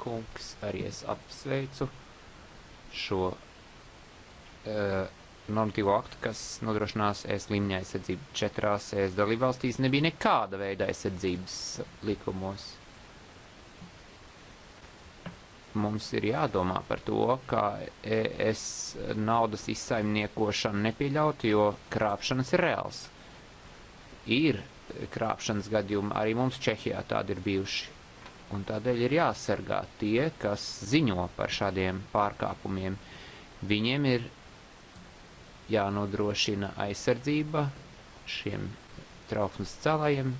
kungs, arī es apsveicu šo e, normatīvo aktu, kas nodrošinās es līmeņa aizsardzību. Četrās es dalībvalstīs nebija nekāda veida aizsardzības likumos. Mums ir jādomā par to, kā es naudas izsaimniekošanu nepieļaut, jo krāpšanas ir reāls. Ir krāpšanas gadījumi, arī mums Čehijā tādi ir bijuši un tādēļ ir jāsargā tie, kas ziņo par šādiem pārkāpumiem. Viņiem ir jānodrošina aizsardzība šiem trauksmes cēlājiem e,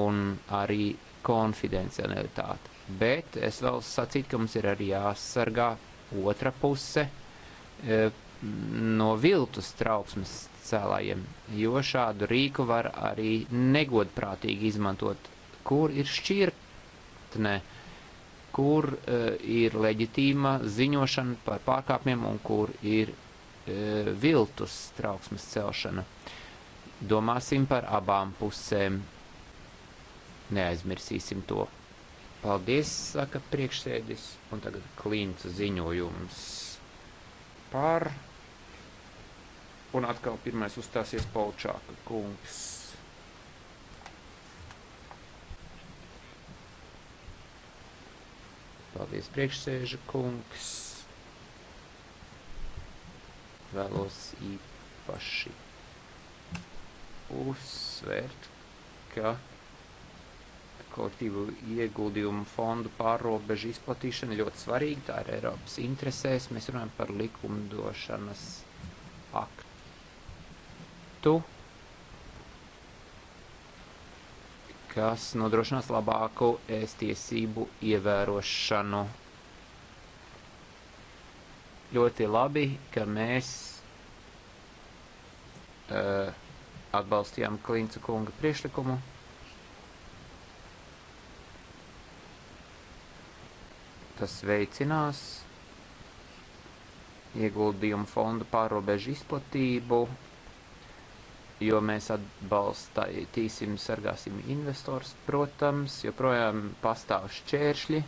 un arī konfidencialitāte. Bet es vēl sacītu, ka mums ir arī jāsargā otra puse e, no viltus trauksmes cēlājiem, jo šādu rīku var arī negodprātīgi izmantot, kur ir šķirka vietnē, kur uh, ir leģitīma ziņošana par pārkāpumiem un kur ir uh, viltus trauksmes celšana. Domāsim par abām pusēm. Neaizmirsīsim to. Paldies, saka priekšsēdis, un tagad klīnca ziņojums par. Un atkal pirmais uzstāsies Polčāka kungs. Paldies, priekšsēža kungs. Vēlos īpaši uzsvērt, ka kolektīvu ieguldījumu fondu pārrobežu izplatīšana ļoti svarīga, tā ir Eiropas interesēs. Mēs runājam par likumdošanas aktu kas nodrošinās labāku ēstiesību ievērošanu. Ļoti labi, ka mēs uh, atbalstījām Klīnca kunga priešlikumu. Tas veicinās ieguldījumu fondu pārobežu izplatību jo mēs atbalstīsim, sargāsim investors, protams, joprojām pastāv šķēršļi.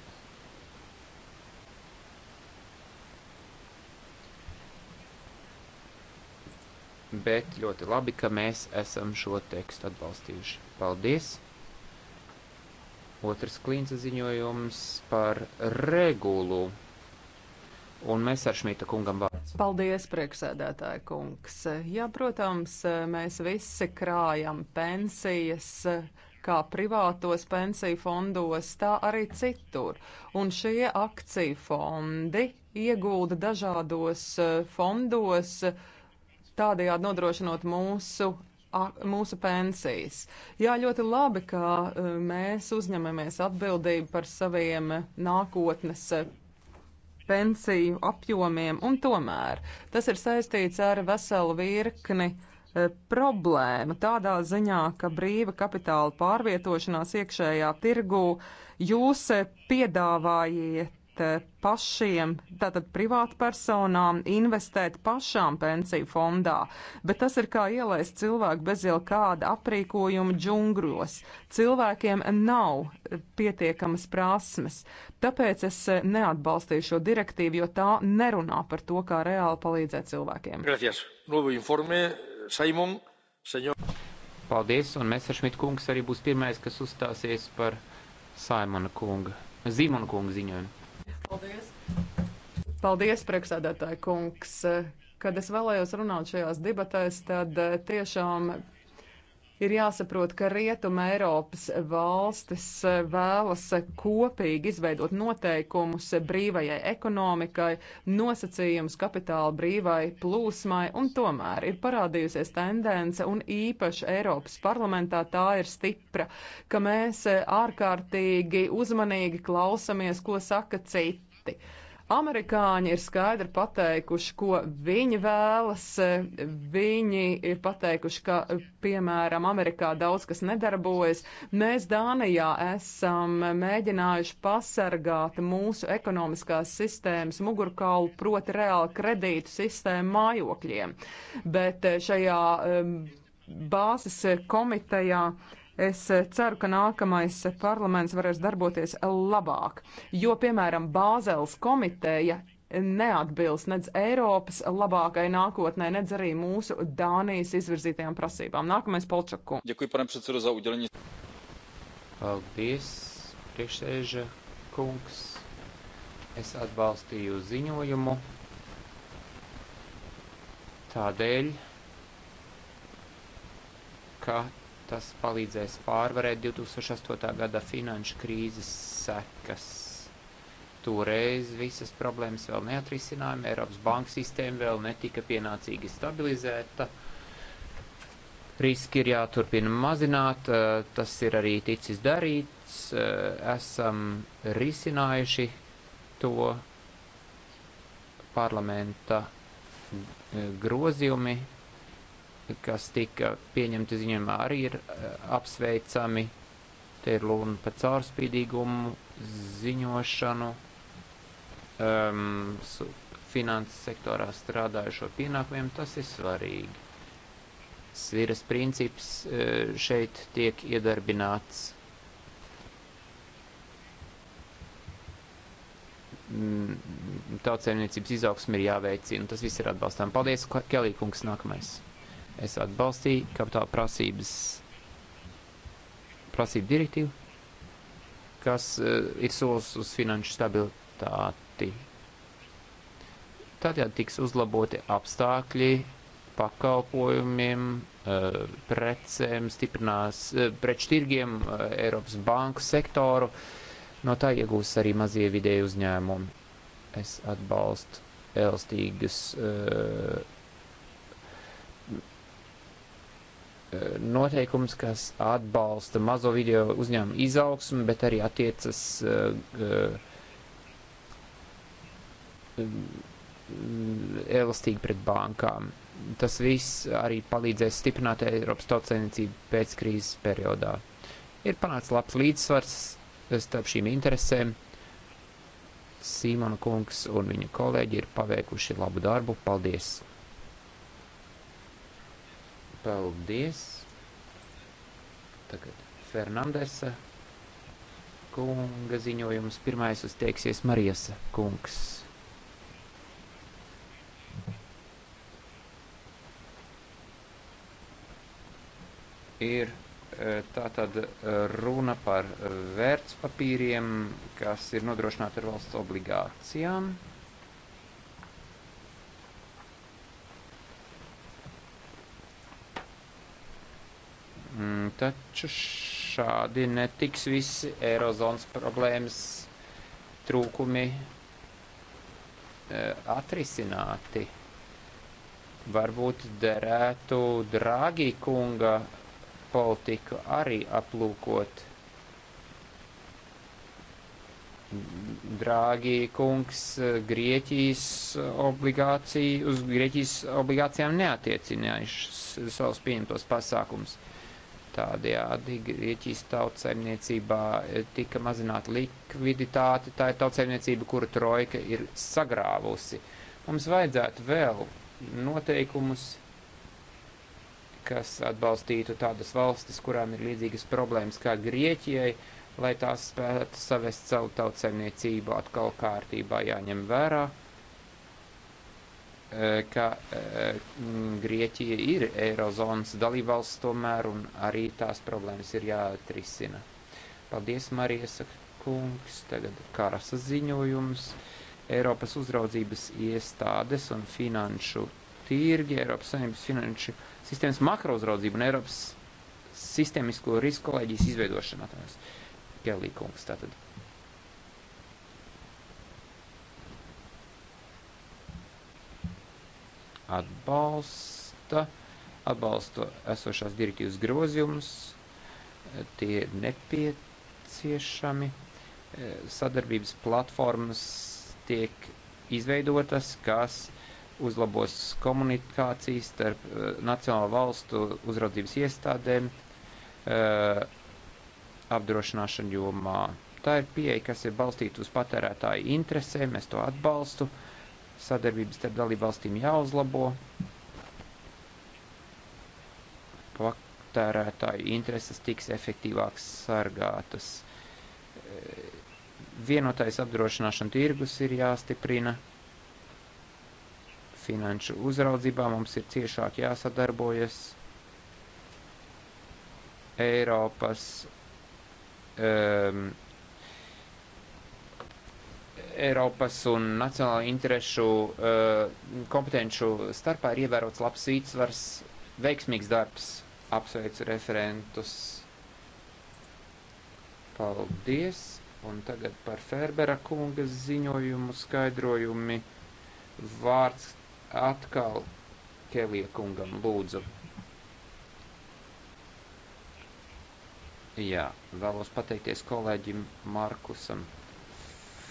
Bet ļoti labi, ka mēs esam šo tekstu atbalstījuši. Paldies! Otrs klīnce ziņojums par regulu Un mēs ar Šmita kungam vārds. Paldies, priekšsēdētāja kungs. Jā, protams, mēs visi krājam pensijas kā privātos pensiju fondos, tā arī citur. Un šie akciju fondi iegulda dažādos eh, fondos, tādējādi nodrošinot mūsu mūsu pensijas. Jā, ļoti labi, ka eh, mēs uzņemamies atbildību par saviem nākotnes pensiju apjomiem, un tomēr tas ir saistīts ar veselu virkni e, problēma tādā ziņā, ka brīva kapitāla pārvietošanās iekšējā tirgū jūs e, piedāvājiet investēt eh, pašiem, tātad privātpersonām, investēt pašām pensiju fondā, bet tas ir kā ielaist cilvēku bez jau kāda aprīkojuma džungļos. Cilvēkiem nav pietiekamas prasmes, tāpēc es eh, neatbalstīju šo direktīvu, jo tā nerunā par to, kā reāli palīdzēt cilvēkiem. Gracias. Nuevo informe, Simon, señor. Paldies, un Messeršmit kungs arī būs pirmais, kas uzstāsies par Saimona kunga, Zīmona kunga ziņojumu. Paldies! Paldies, priekšsēdētāji kungs! Kad es vēlējos runāt šajās debatēs, tad eh, tiešām Ir jāsaprot, ka Rietuma Eiropas valstis eh, vēlas eh, kopīgi izveidot noteikumus eh, brīvajai ekonomikai, nosacījumus kapitāla brīvai plūsmai, un tomēr ir parādījusies tendence, un īpaši Eiropas parlamentā tā ir stipra, ka mēs ārkārtīgi uzmanīgi klausamies, ko saka citi citi. Amerikāņi ir skaidri pateikuši, ko viņi vēlas. Viņi ir pateikuši, ka, piemēram, Amerikā daudz kas nedarbojas. Mēs Dānijā esam mēģinājuši pasargāt mūsu ekonomiskās sistēmas mugurkaulu, proti reāli kredītu sistēmu mājokļiem. Bet eh, šajā eh, bāzes komitejā Es eh, ceru, ka nākamais eh, parlaments varēs darboties eh, labāk, jo, piemēram, Bāzeles komiteja neatbilst nedz Eiropas labākai nākotnē, nedz arī mūsu Dānijas izvirzītajām prasībām. Nākamais Polčaku. Ďakujem, pane predsedo, za udelenie. Paldies, priekšsēža kungs. Es atbalstīju ziņojumu tādēļ, ka tas palīdzēs pārvarēt 2008. gada finanšu krīzes sekas. Toreiz visas problēmas vēl neatrisinājām, Eiropas banka sistēma vēl netika pienācīgi stabilizēta. Riski ir jāturpina mazināt, tas ir arī ticis darīts, esam risinājuši to parlamenta grozījumi kas tika pieņemti ziņojumā, arī ir eh, apsveicami. Te ir lūna par caurspīdīgumu, ziņošanu, um, finanses sektorā strādājušo pienākumiem. Tas ir svarīgi. Sviras princips eh, šeit tiek iedarbināts. Mm, tautsēmniecības izaugsmi ir jāveicina. Tas viss ir atbalstām. Paldies, Kelī kungs, nākamais. Es atbalstīju kapitāla prasības prasību direktīvu, kas uh, ir solis uz finanšu stabilitāti. Tādējādi tiks uzlaboti apstākļi pakalpojumiem, uh, precēm, stiprinās uh, preču tirgiem, uh, Eiropas banku sektoru. No tā iegūs arī mazie vidēji uzņēmumi. Es atbalstu elastīgas uh, Eh, noteikums, kas atbalsta mazo video uzņēmumu izaugsmu, bet arī attiecas eh, eh, elastīgi pret bankām. Tas viss arī palīdzēs stiprināt Eiropas tautsainicību pēc krīzes periodā. Ir panācis labs līdzsvars starp šīm interesēm. Sīmona kungs un viņa kolēģi ir paveikuši labu darbu. Paldies! Paldies. Tagad Fernandesa kunga ziņojums. Pirmais uzteiksies Marijas kungs. Ir eh, tā tad eh, runa par eh, vērtspapīriem, kas ir nodrošināti ar valsts obligācijām. taču šādi netiks visi Eirozonas problēmas trūkumi eh, atrisināti. Varbūt derētu Drāgī kunga politiku arī aplūkot. Drāgī kungs eh, Grieķijas obligāciju, uz Grieķijas obligācijām neatiecinājušas savus pieņemtos pasākumus. Uh, Tādējādi Grieķijas tautsaimniecībā eh, tika mazināta likviditāte, tā ir tautsaimniecība, kuru trojka ir sagrāvusi. Mums vajadzētu vēl noteikumus, kas atbalstītu tādas valstis, kurām ir līdzīgas problēmas kā Grieķijai, lai tās spētu savest savu tautsaimniecību atkal kārtībā jāņem vērā. Eh, ka eh, Grieķija ir Eirozonas dalībvalsts tomēr un arī tās problēmas ir jāatrisina. Paldies, Marijas kungs, tagad karasa ziņojums. Eiropas uzraudzības iestādes un finanšu tīrgi, Eiropas saimnības finanšu sistēmas makrouzraudzība un Eiropas sistēmisko risku kolēģijas izveidošana. Gelī kungs tātad. atbalsta, atbalsta esošās direktīvas grozījumus, tie ir nepieciešami. E, sadarbības platformas tiek izveidotas, kas uzlabos komunikācijas starp e, nacionālo valstu uzraudzības iestādēm e, apdrošināšanu jomā. Tā ir pieeja, kas ir balstīta uz patērētāju interesēm, es to atbalstu. Uh, sadarbības starp dalībvalstīm jāuzlabo, patērētāju intereses tiks efektīvāk sargātas. Vienotais apdrošināšana tirgus ir jāstiprina. Finanšu uzraudzībā mums ir ciešāk jāsadarbojas. Eiropas um, Eiropas un nacionālo interešu eh, kompetenču starpā ir ievērots labs īsvars, veiksmīgs darbs. Apsveicu referentus. Paldies! Un tagad par Ferbera kungas ziņojumu skaidrojumi. Vārds atkal Kelija kungam lūdzu. Jā, vēlos pateikties kolēģim Markusam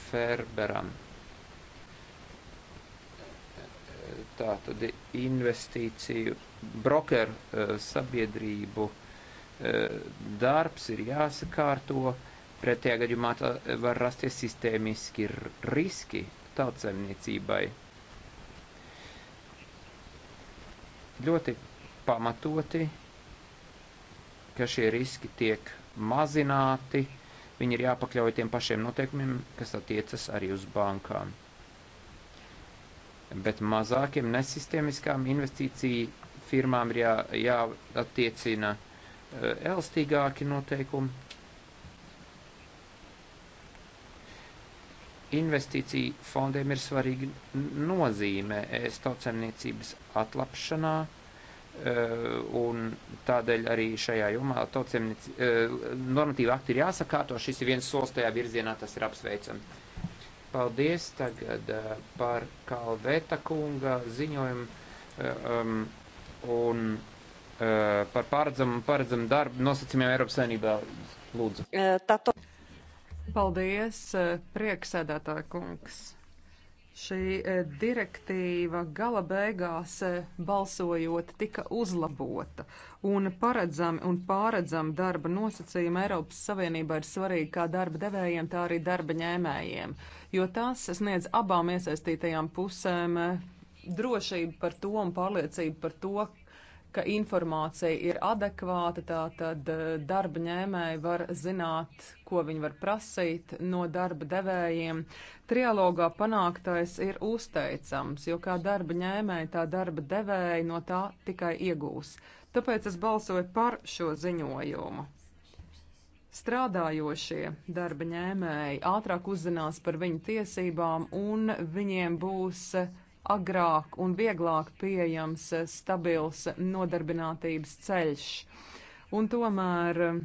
Ferberam. Tā tad investīciju brokeru eh, sabiedrību eh, darbs ir jāsakārto, pretējā gadījumā var rasties sistēmiski riski tautsaimniecībai. Ļoti pamatoti, ka šie riski tiek mazināti, uh, Viņi ir jāpakļauj tiem pašiem noteikumiem, kas attiecas arī uz bankām. Bet mazākiem nesistēmiskām investīciju firmām ir jā, jāattiecina eh, elastīgāki noteikumi. Investīciju fondiem ir svarīga nozīme e tautsēmniecības atlapšanā Eh, un tādēļ arī šajā jomā tautsēmniec, eh, normatīva akti ir jāsakārto, šis ir viens solis tajā virzienā, tas ir apsveicami. Paldies tagad eh, par Kalveta kunga ziņojumu um, un uh, par paredzamu, paredzamu darbu nosacījumiem Eiropas saimnībā. Lūdzu. Paldies, prieksēdētāja kungs. Šī e, direktīva gala beigās e, balsojot tika uzlabota, un paredzami un pāredzami darba nosacījumi Eiropas Savienībā ir svarīgi kā darba devējiem, tā arī darba ņēmējiem, jo tās sniedz abām iesaistītajām pusēm e, drošību par to un pārliecību par to, ka informācija ir adekvāta, tātad eh, darba ņēmēji var zināt, ko viņi var prasīt no darba devējiem. Trialogā panāktais ir uzteicams, jo kā darba ņēmēji, tā darba devēji no tā tikai iegūs. Tāpēc es balsoju par šo ziņojumu. Strādājošie darba ņēmēji ātrāk uzzinās par viņu tiesībām un viņiem būs uh, agrāk un vieglāk pieejams eh, stabils nodarbinātības ceļš. Un tomēr eh,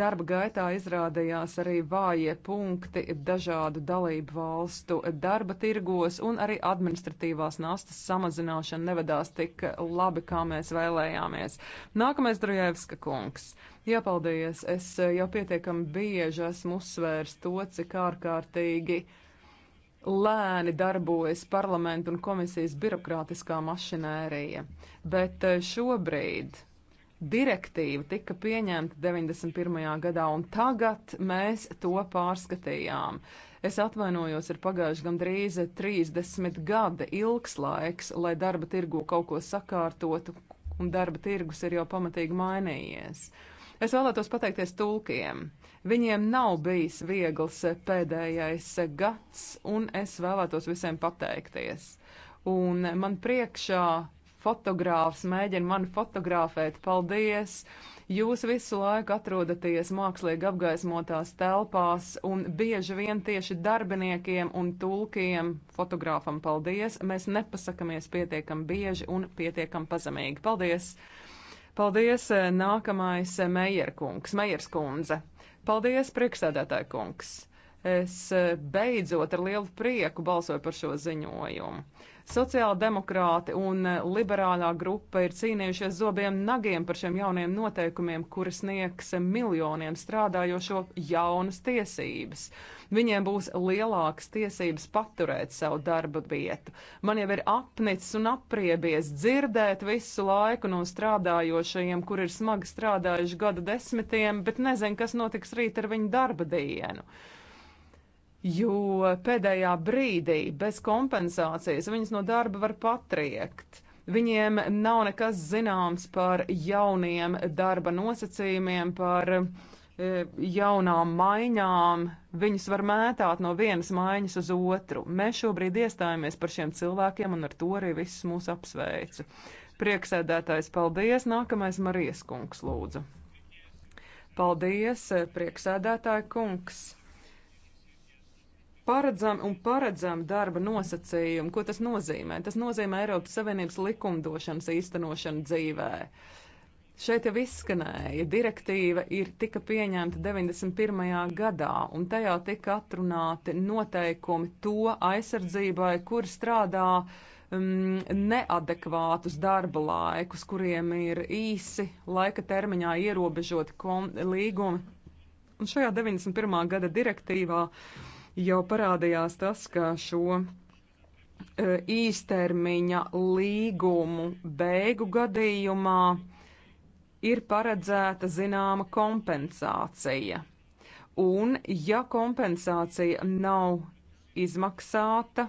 darba gaitā izrādījās arī vājie punkti dažādu dalību valstu darba tirgos, un arī administratīvās nastas samazināšana nevedās tik labi, kā mēs vēlējāmies. Nākamais Drujevska kungs. Jāpaldies, es jau pietiekami bieži esmu uzsvērs to, cik ārkārtīgi uh, lēni darbojas parlamentu un komisijas birokrātiskā mašinērija, bet eh, šobrīd direktīva tika pieņemta 91. gadā, un tagad mēs to pārskatījām. Es atvainojos, ir pagājuši gandrīz 30 gadi ilgs laiks, lai darba tirgu kaut ko sakārtotu, un darba tirgus ir jau pamatīgi mainījies. Uh, Es vēlētos pateikties tulkiem. Viņiem nav bijis viegls pēdējais gads, un es vēlētos visiem pateikties. Un man priekšā fotogrāfs mēģina mani fotografēt. Paldies! Jūs visu laiku atrodaties mākslīgi apgaismotās telpās, un bieži vien tieši darbiniekiem un tulkiem fotogrāfam paldies. Mēs nepasakamies pietiekam bieži un pietiekam pazemīgi. Paldies! Paldies, eh, nākamais eh, Meierkungs, Meierskundze. Paldies, priekšsēdētāja kungs. Es eh, beidzot ar lielu prieku balsoju par šo ziņojumu. Sociāldemokrāti un eh, liberālā grupa ir cīnījušies zobiem nagiem par šiem jauniem noteikumiem, kuri sniegs miljoniem strādājošo jaunas tiesības. Viņiem būs lielākas tiesības paturēt savu darba vietu. Man jau ir apnicis un apriebies dzirdēt visu laiku no strādājošajiem, kur ir smagi strādājuši gadu desmitiem, bet nezinu, kas notiks rīt ar viņu darba dienu jo pēdējā brīdī bez kompensācijas viņas no darba var patriekt. Viņiem nav nekas zināms par jauniem darba nosacījumiem, par e, jaunām maiņām. Viņus var mētāt no vienas maiņas uz otru. Mēs šobrīd iestājāmies par šiem cilvēkiem un ar to arī visus mūs apsveicu. Prieksēdētājs, paldies! Nākamais Marijas kungs lūdzu. Paldies, e, prieksēdētāja kungs! paredzami un paredzami darba nosacījumi. Ko tas nozīmē? Tas nozīmē Eiropas Savienības likumdošanas īstenošanu dzīvē. Šeit jau izskanēja, direktīva ir tika pieņemta 91. gadā, un tajā tika atrunāti noteikumi to aizsardzībai, kur strādā um, neadekvātus darba laikus, kuriem ir īsi laika termiņā ierobežoti līgumi. Un šajā 91. gada direktīvā uh, jau parādījās tas, ka šo e, īstermiņa līgumu beigu gadījumā ir paredzēta zināma kompensācija. Un, ja kompensācija nav izmaksāta,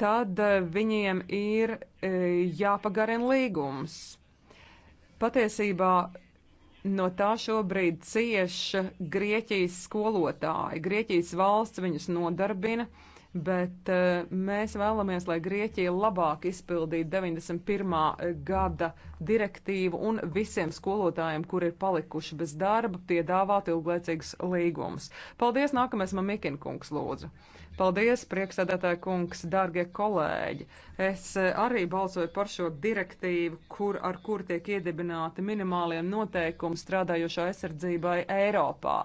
tad e, viņiem ir e, jāpagarina līgums. Patiesībā No tā šobrīd cieša Grieķijas skolotāji. Grieķijas valsts viņus nodarbina, bet uh, mēs vēlamies, lai Grieķija labāk izpildītu 91. gada direktīvu un visiem skolotājiem, kuri ir palikuši bez darba, piedāvāt ilglaicīgus līgumus. Paldies, nākamais man Mikinkungs lūdzu. Uh, Paldies, prieksēdētāja kungs, dārgie kolēģi! Es eh, arī balsoju par šo direktīvu, kur ar kur tiek iedibināti minimāliem noteikumi strādājošo aizsardzībai Eiropā.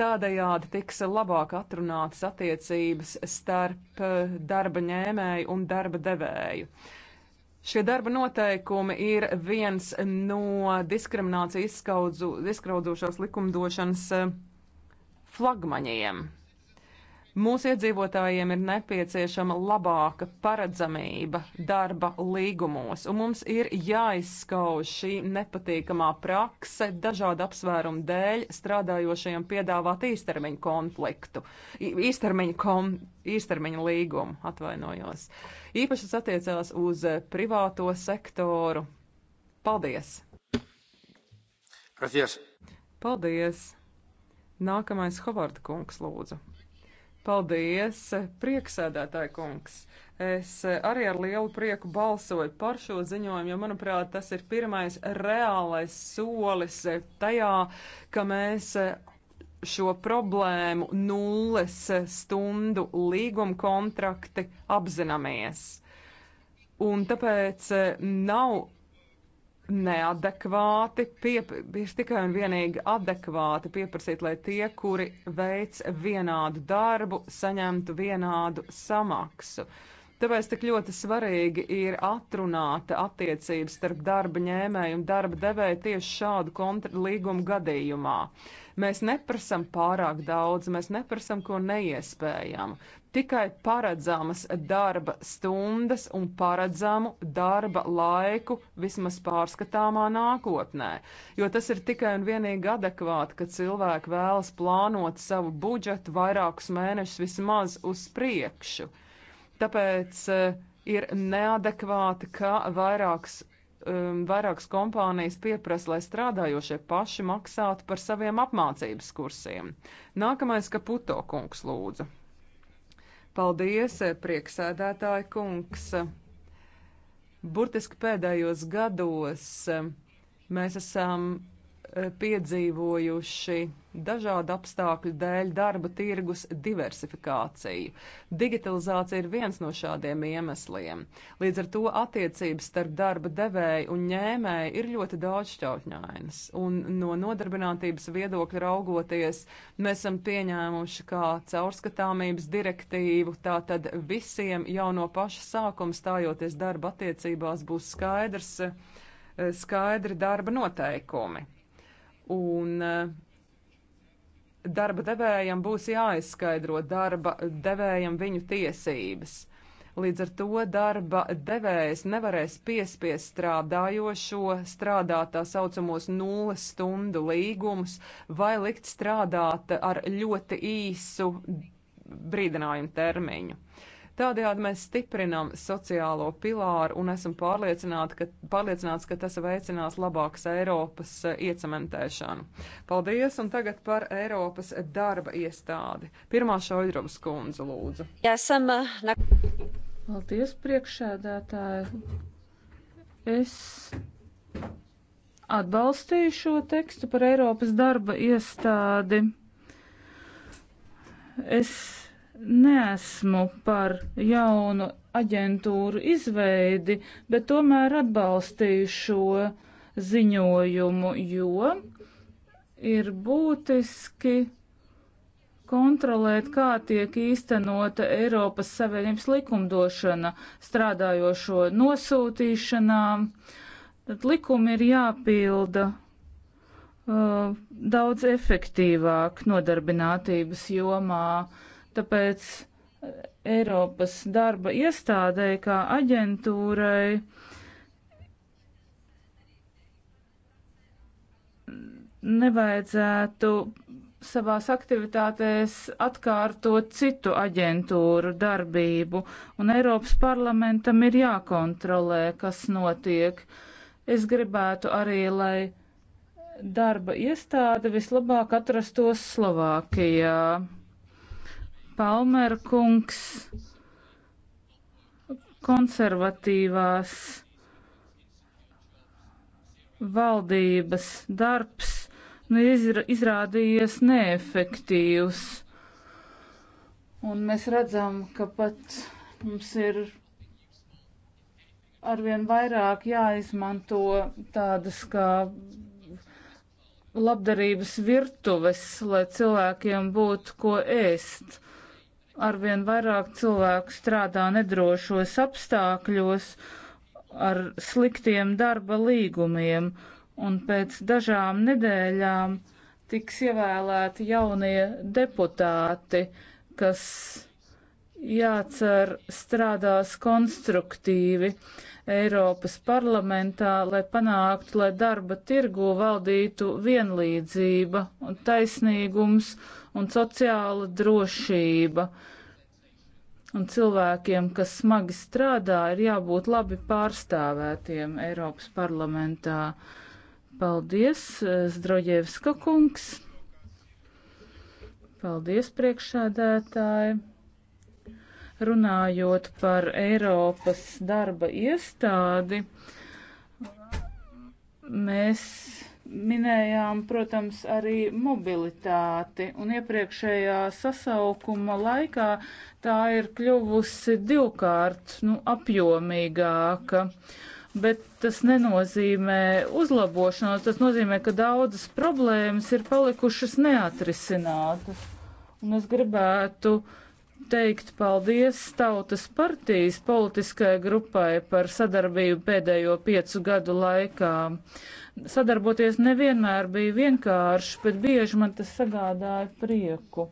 Tādējādi tiks labāk atrunātas attiecības starp eh, darba ņēmēju un darba devēju. Šie darba noteikumi ir viens no diskriminācijas izskaudzošās likumdošanas eh, flagmaņiem. Mūsu iedzīvotājiem ir nepieciešama labāka paredzamība darba līgumos, un mums ir jāizskauž šī nepatīkamā prakse dažādu apsvērumu dēļ strādājošajiem piedāvāt īstermiņu konfliktu, īstermiņu, kom, īstermiņu līgumu, atvainojos. Īpaši tas attiecās uz privāto sektoru. Paldies! Gracias. Paldies! Nākamais Hovarda kungs lūdzu. Paldies, prieksēdētāji kungs! Es arī ar lielu prieku balsoju par šo ziņojumu, jo, manuprāt, tas ir pirmais reālais solis tajā, ka mēs šo problēmu nulles stundu līguma kontrakti apzināmies. Un tāpēc nav neadekvāti, bija tikai un vienīgi adekvāti pieprasīt, lai tie, kuri veic vienādu darbu, saņemtu vienādu samaksu. Tāpēc tik ļoti svarīgi ir atrunāt attiecības starp darba ņēmēju un darba devēju tieši šādu kontra līgumu gadījumā. Mēs neprasam pārāk daudz, mēs neprasam ko neiespējamu. Tikai paredzamas darba stundas un paredzamu darba laiku vismaz pārskatāmā nākotnē. Jo tas ir tikai un vienīgi adekvāti, ka cilvēki vēlas plānot savu budžetu vairākus mēnešus vismaz uz priekšu. Tāpēc eh, ir neadekvāti, ka vairākus um, vairākas kompānijas pieprasa, lai strādājošie paši maksātu par saviem apmācības kursiem. Nākamais, ka Puto kungs lūdzu. Paldies, prieksēdētāji kungs. Burtiski pēdējos gados um, mēs esam Eh, piedzīvojuši dažādu apstākļu dēļ darba tirgus diversifikāciju. Digitalizācija ir viens no šādiem iemesliem. Līdz ar to attiecības starp darba devēju un ņēmēju ir ļoti daudzšķautņainas. Un no nodarbinātības viedokļa raugoties, mēs esam pieņēmuši kā caurskatāmības direktīvu, tātad visiem jau no paša sākuma stājoties darba attiecībās būs skaidrs, eh, skaidri darba noteikumi. Un eh, darba devējam būs jāizskaidro darba devējam viņu tiesības. Līdz ar to darba devējs nevarēs piespiest strādājošo strādāt tā saucamos nulles stundu līgumus vai likt strādāt ar ļoti īsu brīdinājumu termiņu. Uh, Tādējādi mēs stiprinam sociālo pilāru un esam pārliecināti, ka, pārliecināts, ka tas veicinās labākas Eiropas eh, iecementēšanu. Paldies, un tagad par Eiropas darba iestādi. Pirmā šaudrobas kundze, lūdzu. Jāsam, eh, na... Paldies, priekšēdētāji. Es atbalstīju šo tekstu par Eiropas darba iestādi. Es neesmu par jaunu aģentūru izveidi, bet tomēr atbalstīju šo ziņojumu, jo ir būtiski kontrolēt, kā tiek īstenota Eiropas Savienības likumdošana strādājošo nosūtīšanā. Tad likumi ir jāpilda uh, daudz efektīvāk nodarbinātības jomā. Uh, Tāpēc eh, Eiropas darba iestādē, kā aģentūrai, nevajadzētu savās aktivitātēs atkārtot citu aģentūru darbību, un Eiropas parlamentam ir jākontrolē, kas notiek. Es gribētu arī, lai darba iestāde vislabāk atrastos Slovākijā. Palmer kungs konservatīvās valdības darbs nu, izrādījies neefektīvs. Un mēs redzam, ka pat mums ir arvien vairāk jāizmanto tādas kā labdarības virtuves, lai cilvēkiem būtu ko ēst arvien vairāk cilvēku strādā nedrošos apstākļos ar sliktiem darba līgumiem, un pēc dažām nedēļām tiks ievēlēti jaunie deputāti, kas jācer strādās konstruktīvi Eiropas parlamentā, lai panāktu, lai darba tirgu valdītu vienlīdzība un taisnīgums un sociāla drošība un cilvēkiem, kas smagi strādā, ir jābūt labi pārstāvētiem Eiropas parlamentā. Paldies, Zdroģievska kungs! Paldies, priekšsēdētāji! Runājot par Eiropas darba iestādi, mēs minējām, protams, arī mobilitāti, un iepriekšējā sasaukuma laikā tā ir kļuvusi divkārt nu, apjomīgāka. Bet tas nenozīmē uzlabošanos, tas nozīmē, ka daudzas problēmas ir palikušas neatrisinātas. Un es gribētu teikt paldies Tautas partijas politiskajai grupai par sadarbību pēdējo piecu gadu laikā. Uh, sadarboties nevienmēr bija vienkārši, bet bieži man tas sagādāja prieku.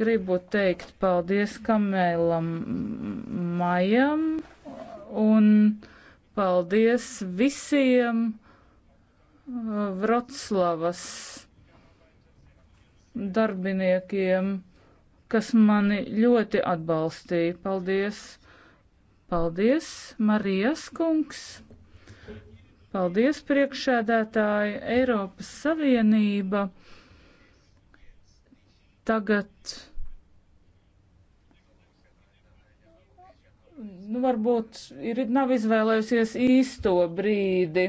Gribu teikt paldies Kamēlam Majam un paldies visiem uh, Vroclavas darbiniekiem, kas mani ļoti atbalstīja. Paldies! Paldies, Marijas kungs! Paldies, priekšēdētāji. Eiropas Savienība tagad. Nu, varbūt ir, nav izvēlējusies īsto brīdi,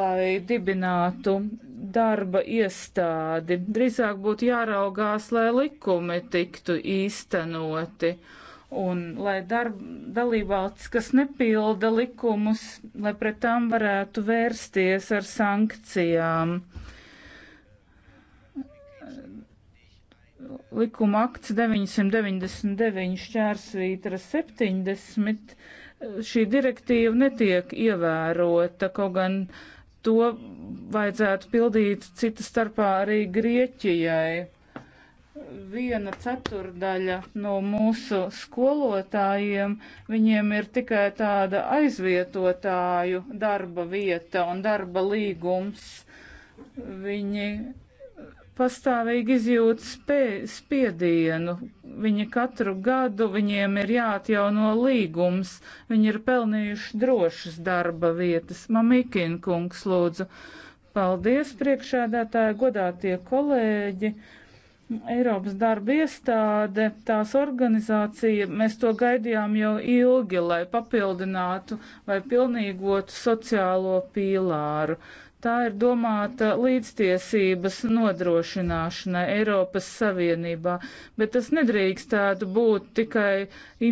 lai dibinātu darba iestādi. Drīzāk būtu jāraugās, lai likumi tiktu īstenoti. Uh, un lai dalībvalstis, kas nepilda likumus, lai pret tām varētu vērsties ar sankcijām. Likuma akts 999 šķērsvītra 70 šī direktīva netiek ievērota, kaut gan to vajadzētu pildīt cita starpā arī Grieķijai viena ceturdaļa no mūsu skolotājiem, viņiem ir tikai tāda aizvietotāju darba vieta un darba līgums. Viņi pastāvīgi izjūt spē, spiedienu. Viņi katru gadu, viņiem ir jāatjauno līgums, viņi ir pelnījuši drošas darba vietas. Mamikina kungs lūdzu. Paldies priekšēdētāji, godātie kolēģi. Eiropas darba iestāde, tās organizācija, mēs to gaidījām jau ilgi, lai papildinātu vai pilnīgotu sociālo pīlāru. Tā ir domāta līdztiesības nodrošināšanai Eiropas Savienībā, bet tas nedrīkstētu būt tikai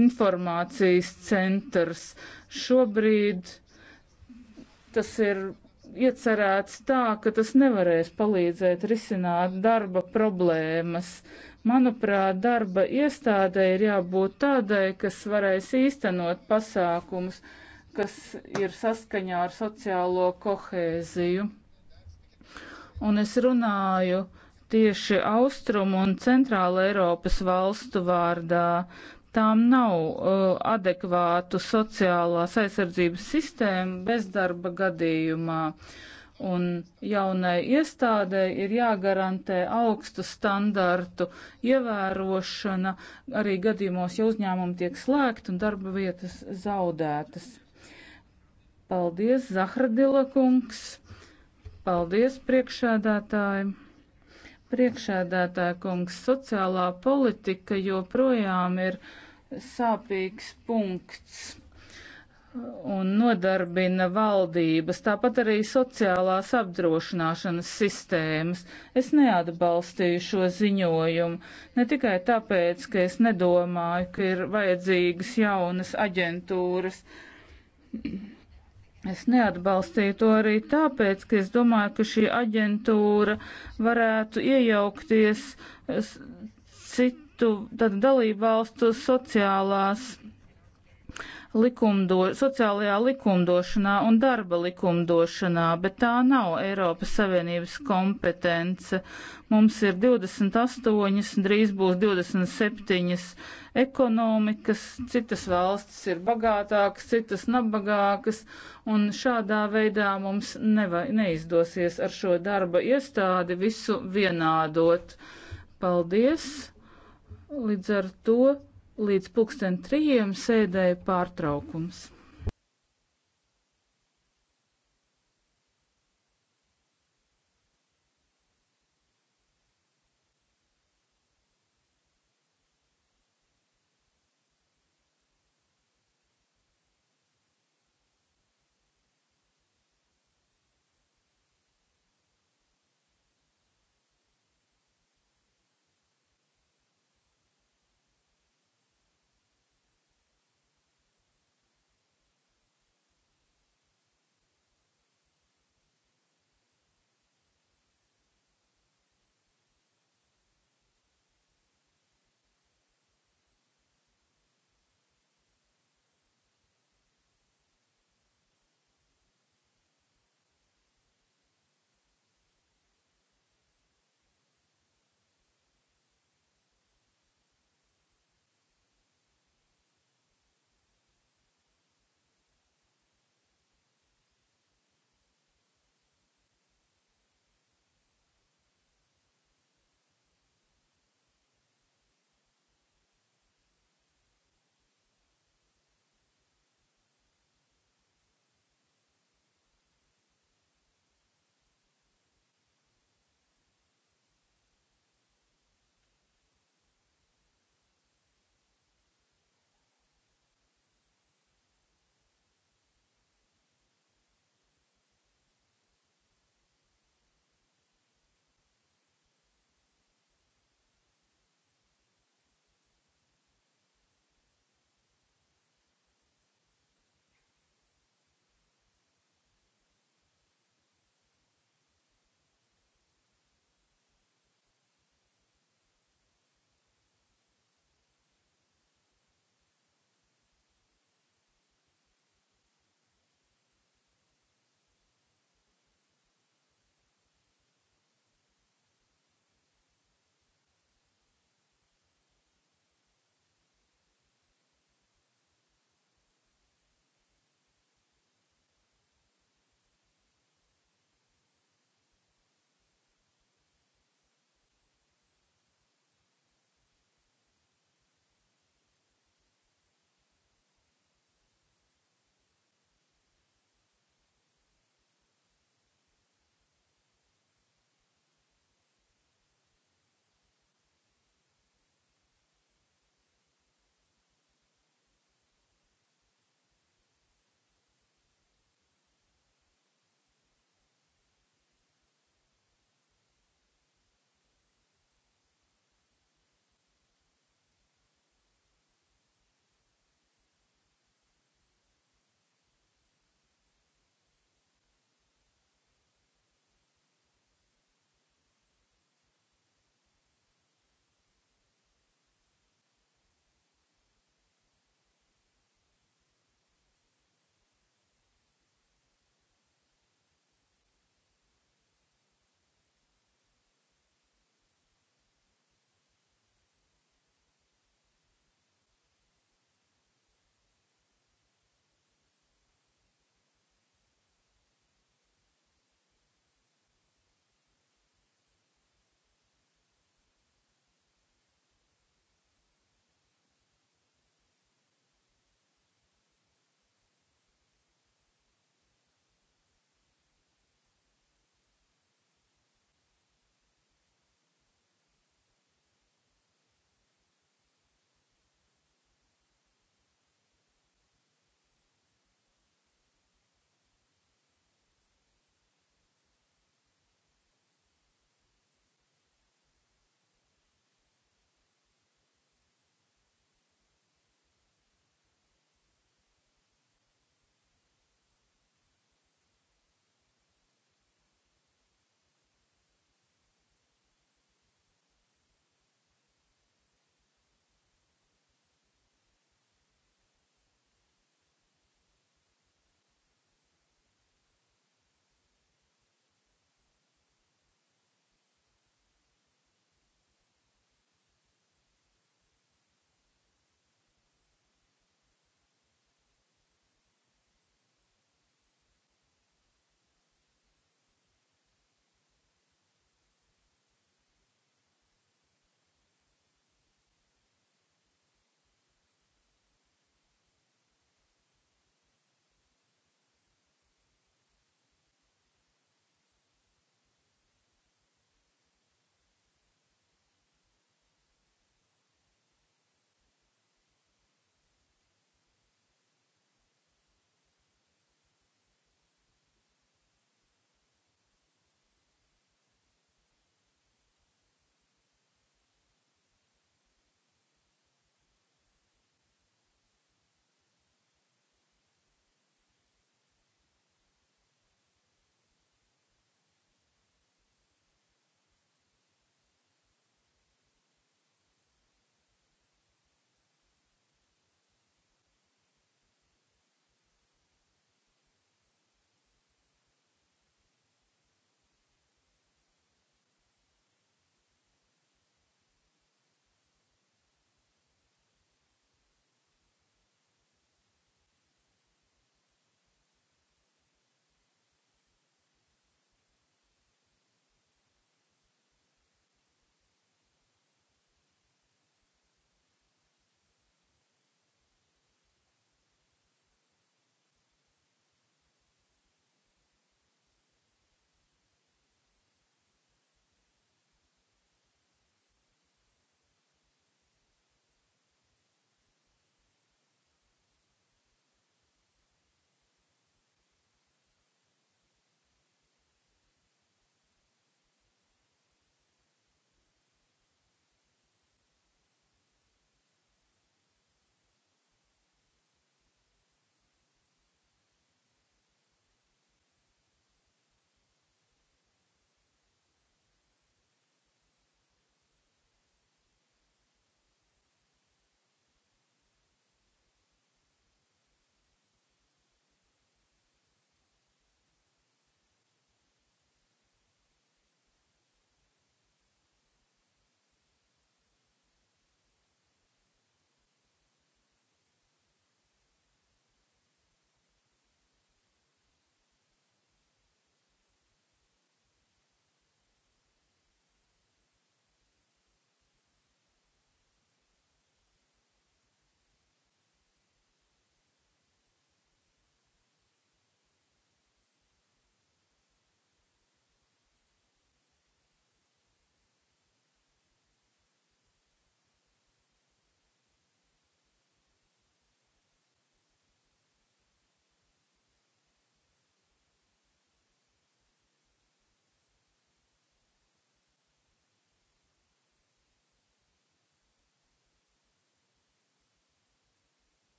informācijas centrs. Šobrīd tas ir iecerēts tā, ka tas nevarēs palīdzēt risināt darba problēmas. Manuprāt, darba iestādē ir jābūt tādai, kas varēs īstenot pasākumus, kas ir saskaņā ar sociālo kohēziju. Un es runāju tieši austrumu un centrāla Eiropas valstu vārdā tām nav uh, adekvātu sociālās aizsardzības sistēmu bezdarba gadījumā. Un jaunai iestādei ir jāgarantē augstu standartu ievērošana arī gadījumos, ja uzņēmumi tiek slēgti un darba vietas zaudētas. Paldies, Zahradila kungs! Paldies, priekšēdētāji! Priekšēdētāja kungs, sociālā politika joprojām ir sāpīgs punkts un nodarbina valdības, tāpat arī sociālās apdrošināšanas sistēmas. Es neatbalstīju šo ziņojumu, ne tikai tāpēc, ka es nedomāju, ka ir vajadzīgas jaunas aģentūras Es neatbalstīju to arī tāpēc, ka es domāju, ka šī aģentūra varētu iejaukties citu dalību valstu sociālās likumdo, sociālajā likumdošanā un darba likumdošanā, bet tā nav Eiropas Savienības kompetence. Mums ir 28, drīz būs 27 ekonomikas, citas valstis ir bagātākas, citas nabagākas, un šādā veidā mums neva, neizdosies ar šo darba iestādi visu vienādot. Paldies! Līdz ar to līdz pulksten trijiem sēdēja pārtraukums.